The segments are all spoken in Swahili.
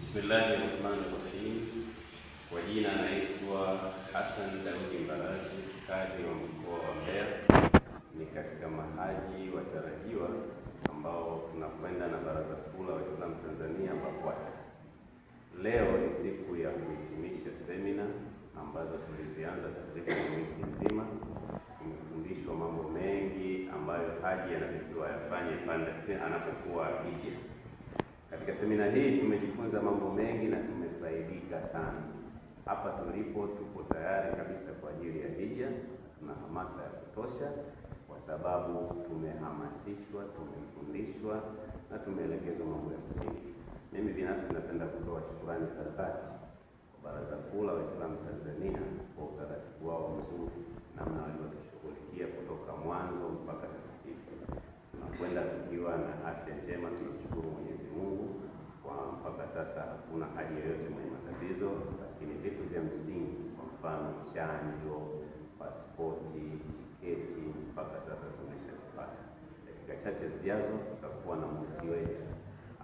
Bismillahi rahmani rahim. Kwa jina naitwa Hassan Daudi Mbarazi, kadhi wa mkoa wa Mbeya. Ni katika mahaji watarajiwa ambao tunakwenda na Baraza Kuu la Waislamu Tanzania, BAKWATA. Leo ni siku ya kuhitimisha semina ambazo tulizianza takriban wiki nzima. Tumefundishwa mambo mengi ambayo haji anatakiwa yafanye pande anapokuwa hija katika semina hii tumejifunza mambo mengi na tumefaidika sana. Hapa tulipo tupo tayari kabisa kwa ajili ya hija, tuna hamasa ya kutosha, kwa sababu tumehamasishwa, tumefundishwa na tumeelekezwa mambo ya msingi. Mimi binafsi napenda kutoa shukrani za dhati kwa Baraza Kuu la Waislamu Tanzania kwa utaratibu wao mzuri, namna walivyotushughulikia kutoka mwanzo mpaka sasa hivi, tunakwenda tukiwa na afya njema sasa hakuna haja yoyote mwenye matatizo, lakini vitu vya msingi, kwa mfano chanjo, pasipoti, tiketi, mpaka sasa tumeshazipata. Dakika chache zijazo tutakuwa na mufti wetu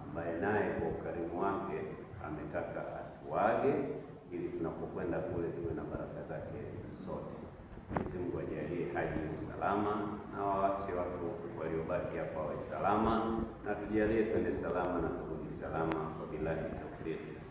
ambaye naye kwa ukarimu wake ametaka atuage ili tunapokwenda kule tuwe na baraka zake sote. Mwenyezi Mungu ajalie haji salama na wawache watu kubaki hapa wa salama, na tujalie twende salama na kurudi salama, wabillahi tawfiq.